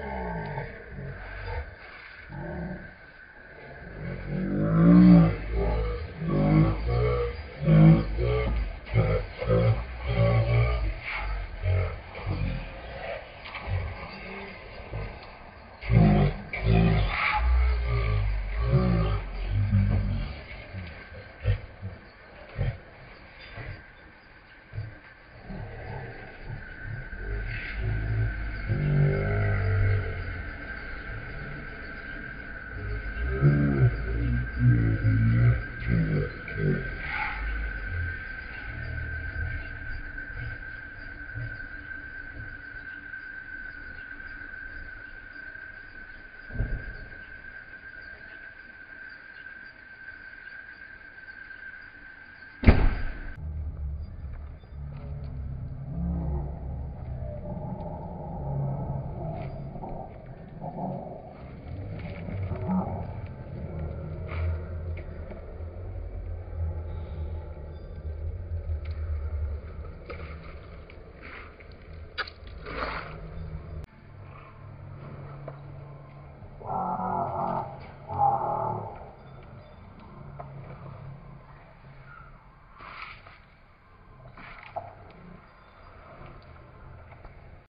Oh.